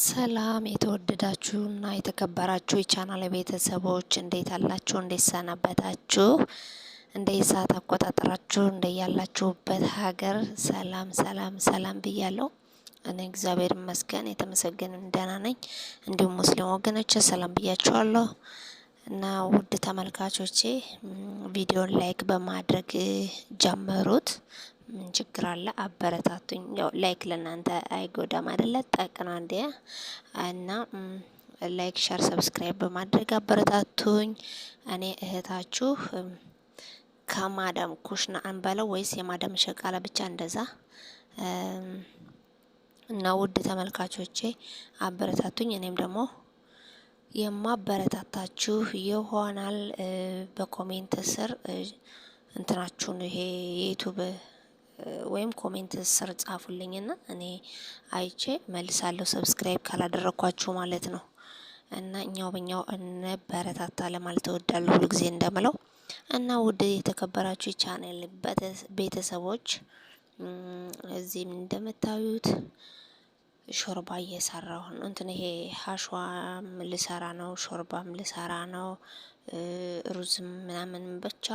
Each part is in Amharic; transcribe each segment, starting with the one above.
ሰላም የተወደዳችሁና የተከበራችሁ የቻናል ቤተሰቦች እንዴት አላችሁ? እንዴት ሰነበታችሁ? እንደ ሰዓት አቆጣጠራችሁ እንደ ያላችሁበት ሀገር ሰላም ሰላም ሰላም ብያለሁ። እኔ እግዚአብሔር ይመስገን የተመሰገን ደህና ነኝ። እንዲሁም ሙስሊም ወገኖች ሰላም ብያችኋለሁ እና ውድ ተመልካቾቼ ቪዲዮን ላይክ በማድረግ ጀመሩት። ምን ችግር አለ? አበረታቱኝ። ያው ላይክ ለእናንተ አይጎዳም አይደለ? ጠቅና እንዲ እና ላይክ፣ ሸር፣ ሰብስክራይብ በማድረግ አበረታቱኝ። እኔ እህታችሁ ከማዳም ኩሽና አንበለው ወይስ የማዳም ሸቃላ ብቻ እንደዛ እና ውድ ተመልካቾቼ አበረታቱኝ። እኔም ደግሞ የማበረታታችሁ ይሆናል። በኮሜንት ስር እንትናችሁን ይሄ የዩቱብ ወይም ኮሜንት ስር ጻፉልኝና እኔ አይቼ መልሳለሁ። ሰብስክራይብ ካላደረኳችሁ ማለት ነው። እና እኛው በኛው እንበረታታ ለማለት እወዳለሁ ሁልጊዜ እንደምለው እና ውድ የተከበራችሁ የቻናል ቤተሰቦች እዚህም እንደምታዩት ሾርባ እየሰራሁ ነው። እንትን ይሄ ሀሽዋም ልሰራ ነው፣ ሾርባም ልሰራ ነው፣ ሩዝም ምናምን ብቻ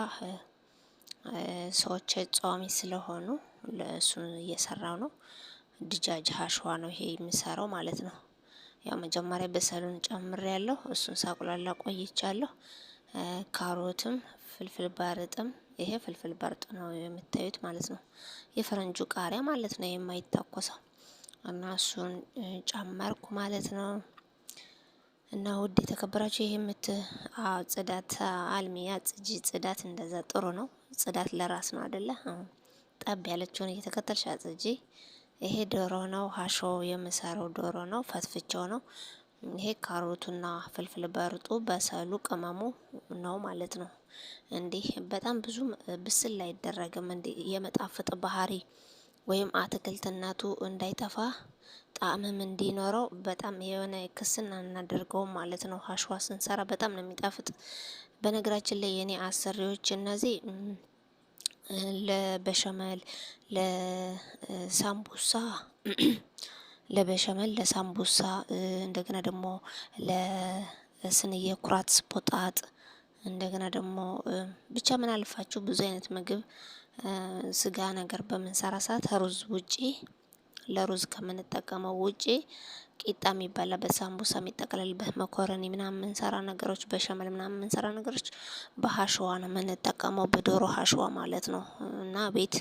ሰዎች ጸዋሚ ስለሆኑ እሱን እየሰራው ነው። ድጃጅ ሀሽዋ ነው ይሄ የሚሰራው ማለት ነው። ያው መጀመሪያ በሰሉን ጨምር ያለው እሱን ሳቁላላ ቆይቻለሁ። ካሮትም ፍልፍል ባርጥም ይሄ ፍልፍል ባርጥ ነው የምታዩት ማለት ነው። የፈረንጁ ቃሪያ ማለት ነው የማይታኮሰው እና እሱን ጨመርኩ ማለት ነው። እና ውድ የተከበራችሁ ይሄ የምት ጽዳት አልሚያ ጽጂ ጽዳት እንደዛ ጥሩ ነው። ጽዳት ለራስ ነው አደለ? ጠብ ያለችውን እየተከተልሽ አጽጂ። ይሄ ዶሮ ነው፣ ሀሾ የምሰራው ዶሮ ነው፣ ፈትፍቸው ነው። ይሄ ካሮቱና ፍልፍል በርጡ በሰሉ ቅመሙ ነው ማለት ነው። እንዲህ በጣም ብዙ ብስል አይደረግም። የመጣፍጥ ባህሪ ወይም አትክልትነቱ እንዳይጠፋ ጣዕምም እንዲኖረው በጣም የሆነ ክስን አናደርገውም ማለት ነው። ሀሸዋ ስንሰራ በጣም ነው የሚጣፍጥ። በነገራችን ላይ የኔ አሰሪዎች እነዚህ ለበሸመል ለሳምቡሳ ለበሸመል ለሳምቡሳ እንደገና ደግሞ ለስንዬ ኩራት ስፖጣጥ እንደገና ደግሞ ብቻ ምን አልፋችሁ ብዙ አይነት ምግብ ስጋ ነገር በምንሰራ ሰዓት ሩዝ ውጪ ለሩዝ ከምንጠቀመው ውጪ ቂጣ የሚባላ በሳምቡሳ የሚጠቀለልበት መኮረኒ ምናምን የምንሰራ ነገሮች በሸመል ምናምን የምንሰራ ነገሮች በሀሸዋ ነው የምንጠቀመው፣ በዶሮ ሀሸዋ ማለት ነው። እና ቤት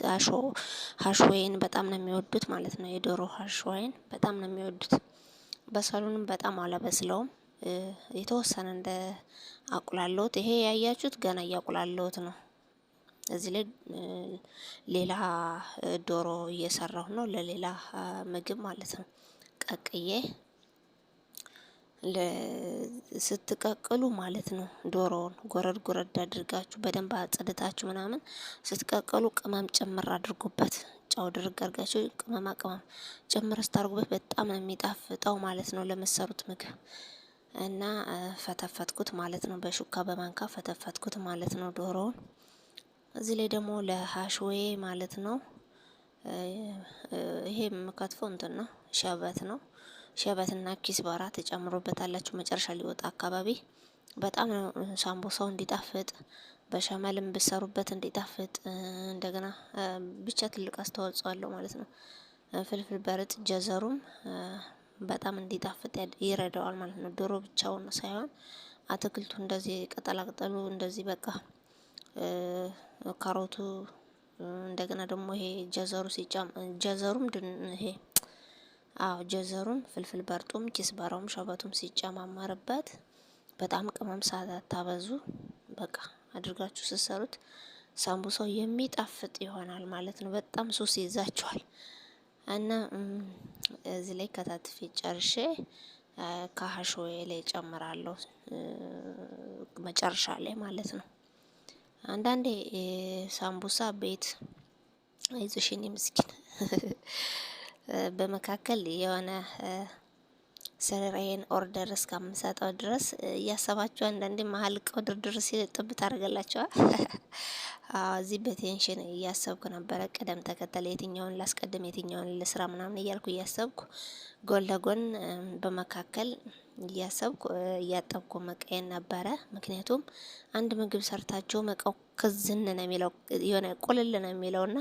ሀሽወይን በጣም ነው የሚወዱት ማለት ነው። የዶሮ ሀሽወይን በጣም ነው የሚወዱት። በሰሉንም በጣም አለበስለውም፣ የተወሰነ እንደ አቁላለሁት። ይሄ ያያችሁት ገና እያቁላለሁት ነው። እዚህ ላይ ሌላ ዶሮ እየሰራሁ ነው ለሌላ ምግብ ማለት ነው። ቀቅዬ ስትቀቅሉ ማለት ነው ዶሮውን ጎረድ ጎረድ አድርጋችሁ በደንብ አጽድታችሁ ምናምን ስትቀቅሉ ቅመም ጭምር አድርጉበት። ጫው ድርግ አድርጋችሁ ቅመማ ቅመም ጭምር ስታርጉበት በጣም ነው የሚጣፍጠው ማለት ነው ለመሰሩት ምግብ እና ፈተፈትኩት ማለት ነው። በሹካ በማንካ ፈተፈትኩት ማለት ነው ዶሮውን እዚህ ላይ ደግሞ ለሀሽዌ ማለት ነው። ይሄ የምከትፈው እንትን ነው፣ ሸበት ነው። ሸበትና ኪስ ባራ ተጨምሮበታላችሁ መጨረሻ ሊወጣ አካባቢ በጣም ነው ሳምቦሳው እንዲጣፍጥ በሸመልም ብሰሩበት እንዲጣፍጥ እንደገና ብቻ ትልቅ አስተዋጽኦ አለው ማለት ነው። ፍልፍል በርጥ ጀዘሩም በጣም እንዲጣፍጥ ይረዳዋል ማለት ነው። ዶሮ ብቻውን ሳይሆን አትክልቱ እንደዚህ ቅጠላቅጠሉ እንደዚህ በቃ ካሮቱ እንደገና ደግሞ ይሄ ጀዘሩ ሲጫም ጀዘሩም ይሄ አዎ ጀዘሩም ፍልፍል በርጡም ኪስ ባራውም ሸበቱም ሲጨማመርበት በጣም ቅመም ሳታበዙ በቃ አድርጋችሁ ስሰሩት ሳምቡሳው የሚጣፍጥ ይሆናል ማለት ነው። በጣም ሱስ ይዛችኋል እና እዚህ ላይ ከታትፌ ጨርሼ ከሀሾዬ ላይ ጨምራለሁ መጨረሻ ላይ ማለት ነው። አንዳንዴ ሳምቡሳ ቤት አይዞሽ የኔ ምስኪን በመካከል የሆነ ሰረራዬን ኦርደር እስከምሰጠው ድረስ እያሰባችሁ አንዳንዴ መሀል ቀው ድርድር ሲል ጥብት አድርገላቸዋል። እዚህ በቴንሽን እያሰብኩ ነበረ፣ ቅደም ተከተል የትኛውን ላስቀድም የትኛውን ልስራ ምናምን እያልኩ እያሰብኩ ጎን ለጎን በመካከል እያሰብኩ እያጠብኩ መቀየን ነበረ። ምክንያቱም አንድ ምግብ ሰርታችሁ መቀው ክዝን ነው የሚለው የሆነ ቁልል ነው የሚለው ና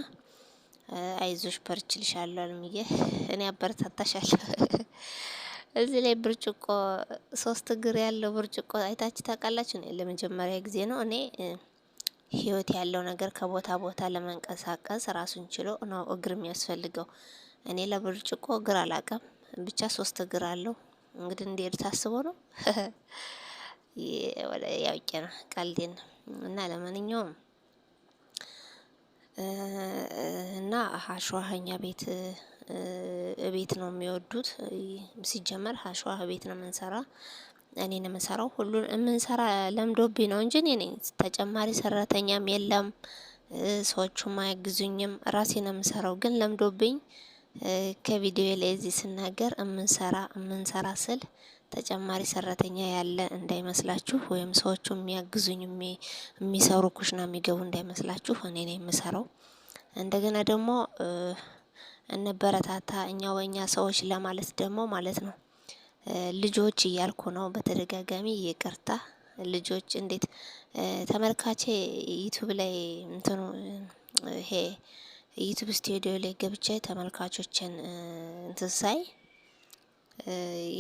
አይዞሽ በርችልሻለሁ አልምዬ እኔ አበረታታሻለሁ። እዚህ ላይ ብርጭቆ ሶስት እግር ያለው ብርጭቆ አይታችሁ ታውቃላችሁ? ለመጀመሪያ ጊዜ ነው እኔ ህይወት ያለው ነገር ከቦታ ቦታ ለመንቀሳቀስ ራሱን ችሎ ነው እግር የሚያስፈልገው። እኔ ለብርጭቆ እግር አላውቅም፣ ብቻ ሶስት እግር አለው። እንግዲህ እንደሄድ ታስቦ ነው ያውቄ ነው ቀልዴን እና ለማንኛውም እና ሀሸዋሀኛ ቤት እቤት ነው የሚወዱት። ሲጀመር ሀሸዋህ ቤት ነው የምንሰራ እኔ ነው የምንሰራው። ሁሉን የምንሰራ ለምዶብኝ ነው እንጂ እኔ ነኝ። ተጨማሪ ሰራተኛም የለም፣ ሰዎቹም አያግዙኝም። ራሴ ነው የምሰራው፣ ግን ለምዶብኝ ከቪዲዮ ላይ እዚህ ስናገር እምንሰራ እምንሰራ ስል ተጨማሪ ሰራተኛ ያለ እንዳይመስላችሁ፣ ወይም ሰዎቹ የሚያግዙኝ የሚሰሩ ኩሽና የሚገቡ እንዳይመስላችሁ፣ እኔ ነው የምሰራው። እንደገና ደግሞ እንበረታታ እኛ ወኛ ሰዎች ለማለት ደግሞ ማለት ነው ልጆች እያልኩ ነው በተደጋጋሚ ይቅርታ። ልጆች እንዴት ተመልካቼ ዩቱብ ላይ እንትኑ ይሄ ዩቱብ ስቱዲዮ ላይ ገብቼ ተመልካቾችን እንትሳይ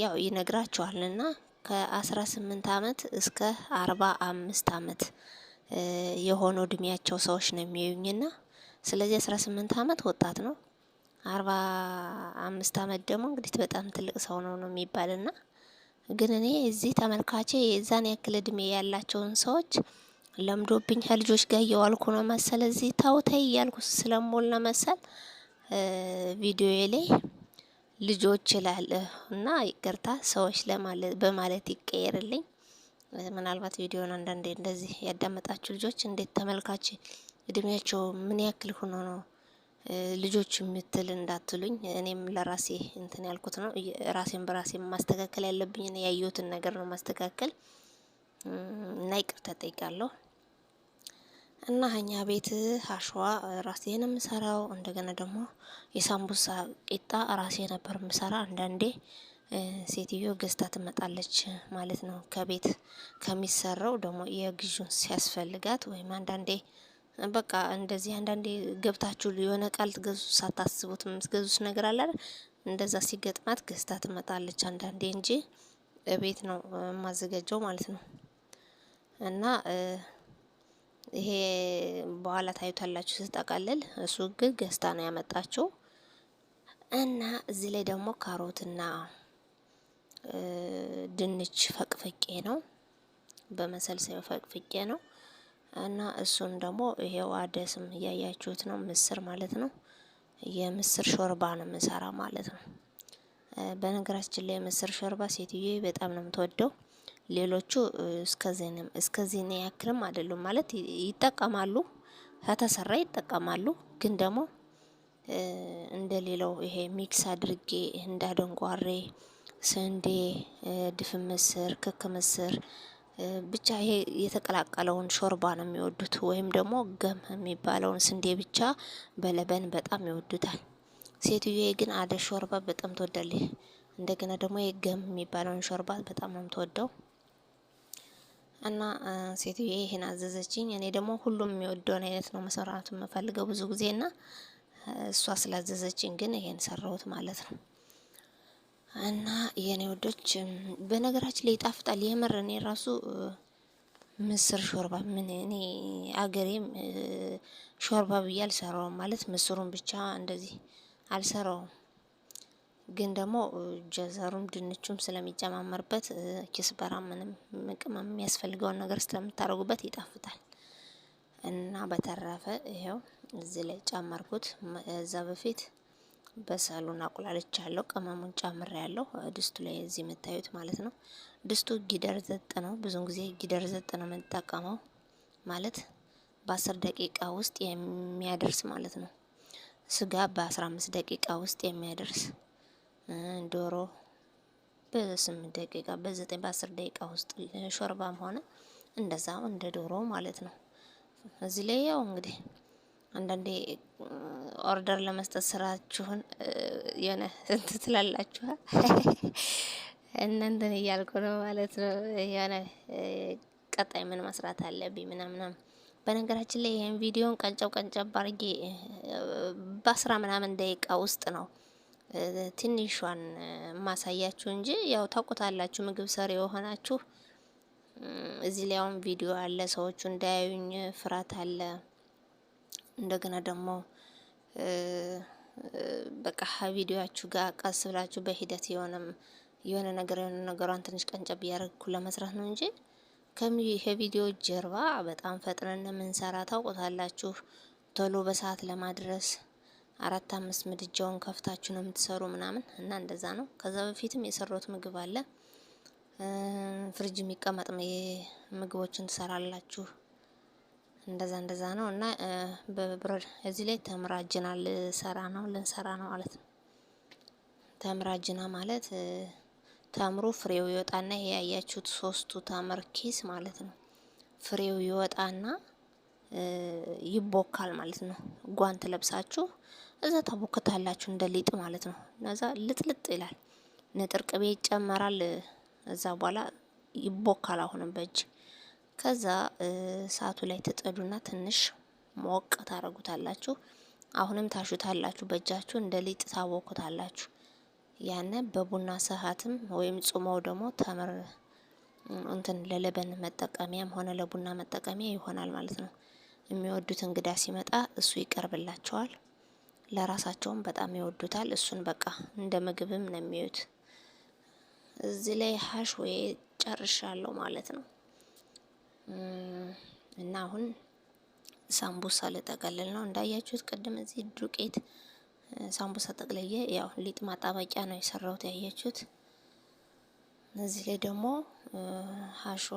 ያው ይነግራቸዋልና ከአስራ ስምንት አመት እስከ አርባ አምስት አመት የሆኑ እድሜያቸው ሰዎች ነው የሚያዩኝና ስለዚህ አስራ ስምንት አመት ወጣት ነው። አርባ አምስት አመት ደግሞ እንግዲህ በጣም ትልቅ ሰው ነው ነው የሚባልና ግን እኔ እዚህ ተመልካቼ የዛን ያክል እድሜ ያላቸውን ሰዎች ለምዶብኝ ከልጆች ጋር እየዋልኩ ነው መሰል እዚህ ታውታ እያልኩ ስለሞላ መሰል ቪዲዮ ላይ ልጆች ይላል እና ይቅርታ ሰዎች በማለት ይቀየርልኝ። ምናልባት ቪዲዮን አንዳንዴ እንደዚህ ያዳመጣችሁ ልጆች እንዴት ተመልካች እድሜያቸው ምን ያክል ሆኖ ነው ልጆች የምትል እንዳትሉኝ። እኔም ለራሴ እንትን ያልኩት ነው። ራሴን በራሴ ማስተካከል ያለብኝ ያየሁትን ነገር ነው ማስተካከል እና ይቅርታ ጠይቃለሁ። እና ሀኛ ቤት ሀሸዋ ነው የምሰራው እንደገና ደግሞ የሳምቡሳ ቂጣ ራሴ ነበር የምሰራ። አንዳንዴ ሴትዮ ገዝታ ትመጣለች ማለት ነው ከቤት ከሚሰራው ደግሞ የግዥን ሲያስፈልጋት ወይም አንዳንዴ በቃ እንደዚህ አንዳንዴ ገብታችሁ የሆነ ቃል ትገዙ ሳታስቡት የምትገዙት ነገር አለ። እንደዛ ሲገጥማት ገዝታ ትመጣለች አንዳንዴ እንጂ ቤት ነው የማዘጋጀው ማለት ነው እና ይሄ በኋላ ታዩታላችሁ ስጠቀልል። እሱ ግን ገዝታ ነው ያመጣችው እና እዚህ ላይ ደግሞ ካሮትና ድንች ፈቅፍቄ ነው በመሰልሰያ ፈቅፍቄ ነው እና እሱን ደግሞ ይሄው አደስም እያያችሁት ነው። ምስር ማለት ነው። የምስር ሾርባ ነው የምሰራ ማለት ነው። በነገራችን ላይ የምስር ሾርባ ሴትዮ በጣም ነው የምትወደው። ሌሎቹ እስከዚህን ያክልም አይደሉም ማለት ይጠቀማሉ፣ ከተሰራ ይጠቀማሉ። ግን ደግሞ እንደሌላው ይሄ ሚክስ አድርጌ እንዳደንጓሬ፣ ስንዴ፣ ድፍን ምስር፣ ክክ ምስር ብቻ ይሄ የተቀላቀለውን ሾርባ ነው የሚወዱት። ወይም ደግሞ ገም የሚባለውን ስንዴ ብቻ በለበን በጣም ይወዱታል። ሴትዮ ግን አደ ሾርባ በጣም ትወዳለች። እንደገና ደግሞ የገም የሚባለውን ሾርባ በጣም ነው የምትወደው። እና ሴትዮ ይሄን አዘዘችኝ። እኔ ደግሞ ሁሉም የሚወደውን አይነት ነው መሰራቱ የምፈልገው ብዙ ጊዜ እና እሷ ስላዘዘችኝ ግን ይሄን ሰራሁት ማለት ነው። እና የኔ ወዶች በነገራችን ላይ ይጣፍጣል። የምር እኔ ራሱ ምስር ሾርባ ምን እኔ አገሬም ሾርባ ብዬ አልሰራውም ማለት ምስሩን ብቻ እንደዚህ አልሰራውም። ግን ደግሞ ጀዘሩም ድንቹም ስለሚጨማመርበት ኪስበራ ምንም ቅመም የሚያስፈልገውን ነገር ስለምታደርጉበት ይጣፍጣል። እና በተረፈ ይኸው እዚህ ላይ ጨመርኩት። እዛ በፊት በሰሉን አቁላልች ያለው ቅመሙን ጨምር ያለው ድስቱ ላይ እዚህ የምታዩት ማለት ነው። ድስቱ ጊደር ዘጥ ነው። ብዙን ጊዜ ጊደር ዘጥ ነው የምንጠቀመው ማለት በአስር ደቂቃ ውስጥ የሚያደርስ ማለት ነው። ስጋ በአስራ አምስት ደቂቃ ውስጥ የሚያደርስ ዶሮ በስምንት ደቂቃ በዘጠኝ በአስር ደቂቃ ውስጥ ሾርባም ሆነ እንደዛ እንደ ዶሮ ማለት ነው። እዚህ ላይ ያው እንግዲህ አንዳንዴ ኦርደር ለመስጠት ስራችሁን የሆነ እንትን እናንተን እያልኩ ነው ማለት ነው። የሆነ ቀጣይ ምን መስራት አለብኝ ምናምናም። በነገራችን ላይ ይህን ቪዲዮን ቀንጨብ ቀንጨብ አድርጌ በአስራ ምናምን ደቂቃ ውስጥ ነው ትንሿን ማሳያችሁ እንጂ ያው ታውቁታላችሁ፣ ምግብ ሰሪ የሆናችሁ እዚህ ላይ አሁን ቪዲዮ አለ፣ ሰዎቹ እንዳያዩኝ ፍርሃት አለ። እንደገና ደግሞ በቃ ቪዲዮያችሁ ጋር ቀስ ብላችሁ በሂደት የሆነም የሆነ ነገር የሆነ ነገሯን ትንሽ ቀንጨብ እያደረግኩ ለመስራት ነው እንጂ ከቪዲዮ ጀርባ በጣም ፈጥነን የምንሰራ ታውቁታላችሁ፣ ቶሎ በሰዓት ለማድረስ አራት አምስት ምድጃውን ከፍታችሁ ነው የምትሰሩ ምናምን እና እንደዛ ነው። ከዛ በፊትም የሰሩት ምግብ አለ። ፍሪጅ የሚቀመጥ ምግቦችን ትሰራላችሁ። እንደዛ እንደዛ ነው እና በብረድ እዚህ ላይ ተምራጅና ልሰራ ነው ልንሰራ ነው ማለት ነው። ተምራጅና ማለት ተምሮ ፍሬው ይወጣና ይሄ ያያችሁት ሶስቱ ተምር ኪስ ማለት ነው። ፍሬው ይወጣና ይቦካል ማለት ነው። ጓንት ለብሳችሁ እዛ ታቦክታላችሁ እንደ ሊጥ ማለት ነው። እዛ ልጥልጥ ይላል። ንጥር ቅቤ ይጨመራል። እዛ በኋላ ይቦካል አሁንም በእጅ ከዛ እሳቱ ላይ ትጠዱና ትንሽ ሞቅ ታረጉታላችሁ። አሁንም ታሹታላችሁ በእጃችሁ እንደ ሊጥ ታቦኩታላችሁ። ያነ በቡና ሰዓትም ወይም ጾመው ደግሞ ተምር እንትን ለለበን መጠቀሚያም ሆነ ለቡና መጠቀሚያ ይሆናል ማለት ነው። የሚወዱት እንግዳ ሲመጣ እሱ ይቀርብላቸዋል። ለራሳቸውም በጣም ይወዱታል። እሱን በቃ እንደ ምግብም ነው የሚዩት። እዚህ ላይ ሀሽ ወይ ጨርሻለሁ ማለት ነው እና አሁን ሳምቡሳ ልጠቀልል ነው። እንዳያችሁት ቅድም እዚህ ዱቄት ሳምቡሳ ጠቅልዬ ያው ሊጥ ማጣበቂያ ነው የሰራሁት ያያችሁት። እዚህ ላይ ደግሞ ሀሾ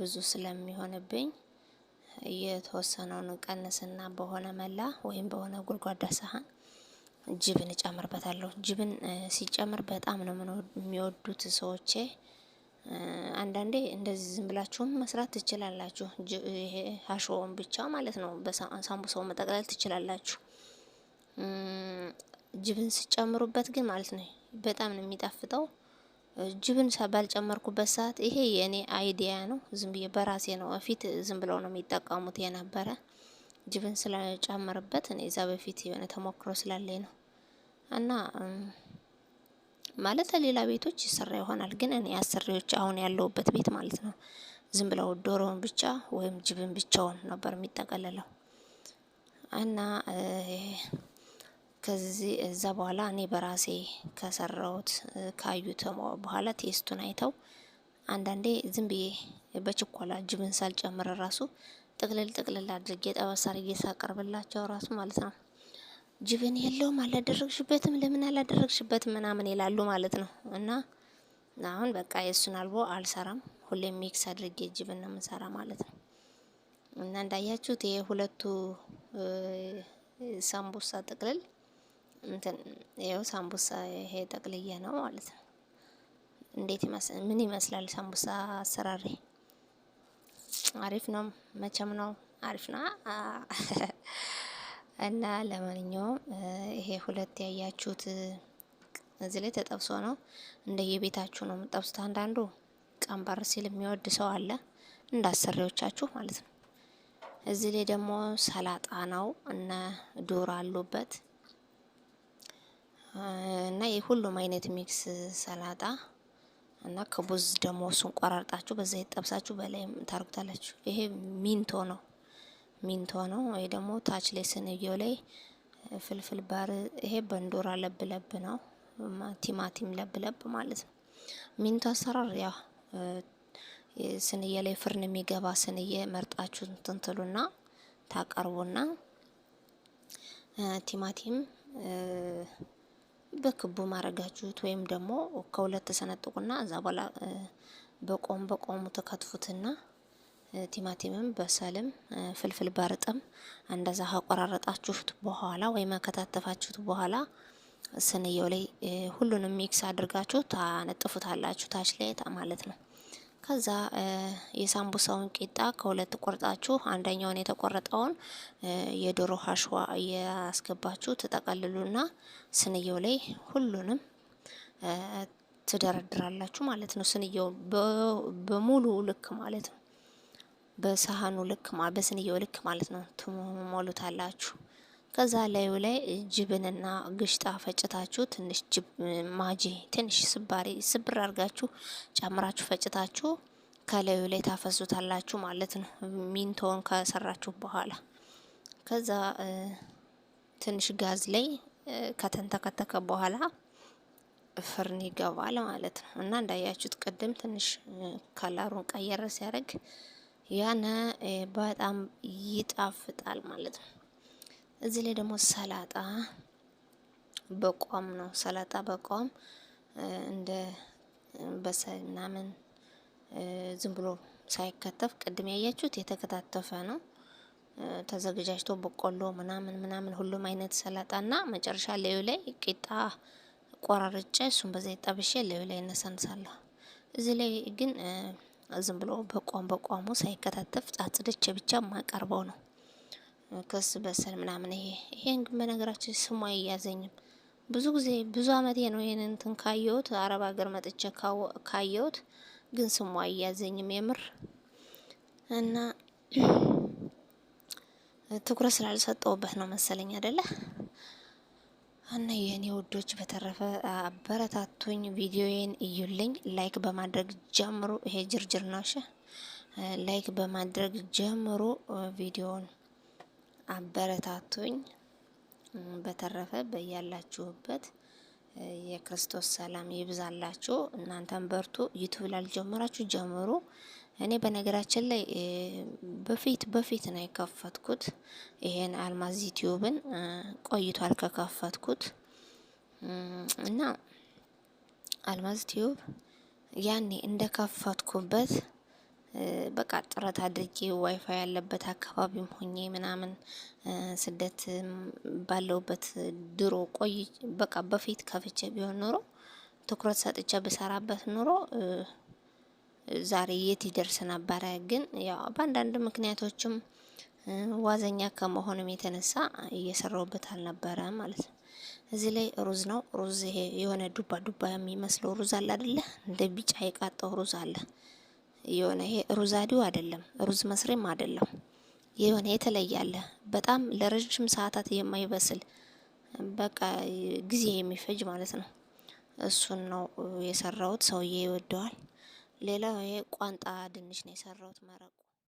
ብዙ ስለሚሆንብኝ የተወሰነውን ቀንስና በሆነ መላ ወይም በሆነ ጎድጓዳ ሳህን ጅብን እጨምርበታለሁ። ጅብን ሲጨምር በጣም ነው የሚወዱት ሰዎቼ። አንዳንዴ እንደዚህ ዝም ብላችሁም መስራት ትችላላችሁ። ይሄ ብቻ ማለት ነው፣ በሳምቡሳው መጠቅለል ትችላላችሁ። ጅብን ስጨምሩበት ግን ማለት ነው በጣም ነው የሚጣፍጠው። ጅብን ባልጨመርኩበት ሰዓት ይሄ የእኔ አይዲያ ነው፣ ዝም ብዬ በራሴ ነው። በፊት ዝም ብለው ነው የሚጠቀሙት የነበረ ጅብን ስለጨመርበት እኔ እዛ በፊት የሆነ ተሞክሮ ስላለኝ ነው እና ማለት ሌላ ቤቶች ይሰራ ይሆናል፣ ግን እኔ አሰሪዎች አሁን ያለውበት ቤት ማለት ነው ዝም ብለው ዶሮውን ብቻ ወይም ጅብን ብቻውን ነበር የሚጠቀልለው እና ከዚህ እዛ በኋላ እኔ በራሴ ከሰራሁት ካዩት በኋላ ቴስቱን አይተው አንዳንዴ ዝም ብዬ በችኮላ ጅብን ሳልጨምር ራሱ ጥቅልል ጥቅልል አድርጌ ጠበሳ አድርጌ ሳቀርብላቸው ራሱ ማለት ነው ጅብን የለውም አላደረግሽበትም፣ ለምን አላደረግሽበትም ምናምን ይላሉ ማለት ነው። እና አሁን በቃ የእሱን አልቦ አልሰራም። ሁሌም ሚክስ አድርጌ ጅብን ነው ማለት ነው። እና እንዳያችሁት የሁለቱ ሳምቡሳ ጥቅልል እንትን ይኸው ሳምቡሳ ይሄ ጠቅልዬ ነው ማለት ነው። እንዴት ምን ይመስላል ሳምቡሳ አሰራሬ? አሪፍ ነው መቼም ነው አሪፍ እና ለማንኛውም ይሄ ሁለት ያያችሁት እዚህ ላይ ተጠብሶ ነው። እንደየቤታችሁ ነው የምጠብሱት። አንዳንዱ ቀንበር ሲል የሚወድ ሰው አለ፣ እንዳሰሪዎቻችሁ ማለት ነው። እዚህ ላይ ደግሞ ሰላጣ ነው እና ዶር አሉበት። እና የሁሉም አይነት ሚክስ ሰላጣ እና ከቡዝ ደግሞ እሱን ቆራርጣችሁ በዛ ይጠብሳችሁ በላይ ታርጉታላችሁ። ይሄ ሚንቶ ነው፣ ሚንቶ ነው። ይሄ ደግሞ ታች ላይ ስንየው ላይ ፍልፍል ባር፣ ይሄ በንዶራ ለብለብ ነው፣ ቲማቲም ለብ ማለት ነው። ሚንቶ አሰራር ያ ስንየ ላይ ፍርን የሚገባ ስንየ መርጣችሁ ትንትሉና ታቀርቡና ቲማቲም በክቡ ማረጋችሁት ወይም ደግሞ ከሁለት ተሰነጥቁና እዛ በኋላ በቆም በቆሙ ተከትፉትና ቲማቲምም በሰልም ፍልፍል ባርጥም እንደዛ አቆራረጣችሁት በኋላ ወይም ከታተፋችሁት በኋላ ስንየው ላይ ሁሉንም ሚክስ አድርጋችሁ ታነጥፉታላችሁ ታች ላይ ማለት ነው። ከዛ የሳምቡሳውን ቂጣ ከሁለት ቆርጣችሁ አንደኛውን የተቆረጠውን የዶሮ ሀሽዋ እያስገባችሁ ትጠቀልሉና ስንየው ላይ ሁሉንም ትደረድራላችሁ ማለት ነው። ስንየው በሙሉ ልክ ማለት ነው። በሳህኑ ልክ በስንየው ልክ ማለት ነው ትሞሉታላችሁ። ከዛ ላዩ ላይ ጅብንና ግሽጣ ፈጭታችሁ ትንሽ ጅብ ማጂ ትንሽ ስባሪ ስብር አድርጋችሁ ጨምራችሁ ፈጭታችሁ ከላዩ ላይ ታፈሱታላችሁ ማለት ነው። ሚንቶን ከሰራችሁ በኋላ ከዛ ትንሽ ጋዝ ላይ ከተንተከተከ በኋላ ፍርን ይገባል ማለት ነው። እና እንዳያችሁት ቅድም ትንሽ ከላሩን ቀየረ ሲያደርግ ያነ በጣም ይጣፍጣል ማለት ነው። እዚህ ላይ ደግሞ ሰላጣ በቋም ነው። ሰላጣ በቋም እንደ በሰል ምናምን ዝም ብሎ ሳይከተፍ ቅድም ያያችሁት የተከታተፈ ነው ተዘገጃጅቶ በቆሎ ምናምን ምናምን ሁሉም አይነት ሰላጣና መጨረሻ ላዩ ላይ ቂጣ ቆራርጬ እሱን በዛ ይጣብሼ ላዩ ላይ እነሳንሳለሁ። እዚህ ላይ ግን ዝም ብሎ በቋም በቋሙ ሳይከታተፍ አጽድቼ ብቻ ማቀርበው ነው። ክስ በሰል ምናምን ይሄ ይሄን ግን በነገራችን ስሙ አያዘኝም። ብዙ ጊዜ ብዙ አመቴ ነው ይሄን እንትን ካየሁት፣ አረብ ሀገር መጥቼ ካየሁት፣ ግን ስሙ አያዘኝም የምር እና ትኩረት ስላልሰጠውበት ነው መሰለኝ አይደለ እና የኔ ውዶች፣ በተረፈ አበረታቱኝ፣ ቪዲዮዬን እዩልኝ፣ ላይክ በማድረግ ጀምሩ። ይሄ ጅርጅር ነው እሺ፣ ላይክ በማድረግ ጀምሩ ቪዲዮውን አበረታቱኝ። በተረፈ በያላችሁበት የክርስቶስ ሰላም ይብዛላችሁ። እናንተም በርቱ። ዩቱብ ላልጀመራችሁ ጀምሩ። እኔ በነገራችን ላይ በፊት በፊት ነው የከፈትኩት ይሄን አልማዝ ዩቲዩብን ቆይቷል ከከፈትኩት እና አልማዝ ዩቲዩብ ያኔ እንደከፈትኩበት በቃ ጥረት አድርጌ ዋይፋይ ያለበት አካባቢም ሆኜ ምናምን ስደት ባለውበት ድሮ ቆይ በቃ በፊት ከፍቼ ቢሆን ኑሮ ትኩረት ሰጥቼ ብሰራበት ኑሮ ዛሬ የት ይደርስ ነበረ። ግን ያው በአንዳንድ ምክንያቶችም ዋዘኛ ከመሆንም የተነሳ እየሰራውበት አልነበረ ማለት ነው። እዚህ ላይ ሩዝ ነው። ሩዝ ይሄ የሆነ ዱባ ዱባ የሚመስለው ሩዝ አለ አደለ? እንደ ቢጫ የቃጠው ሩዝ አለ የሆነ ይሄ ሩዛዲው አይደለም፣ ሩዝ መስሪም አይደለም። የሆነ የተለየ አለ። በጣም ለረጅም ሰዓታት የማይበስል በቃ ጊዜ የሚፈጅ ማለት ነው። እሱን ነው የሰራሁት። ሰውዬ ይወደዋል። ሌላው ይሄ ቋንጣ ድንች ነው የሰራሁት መረቁ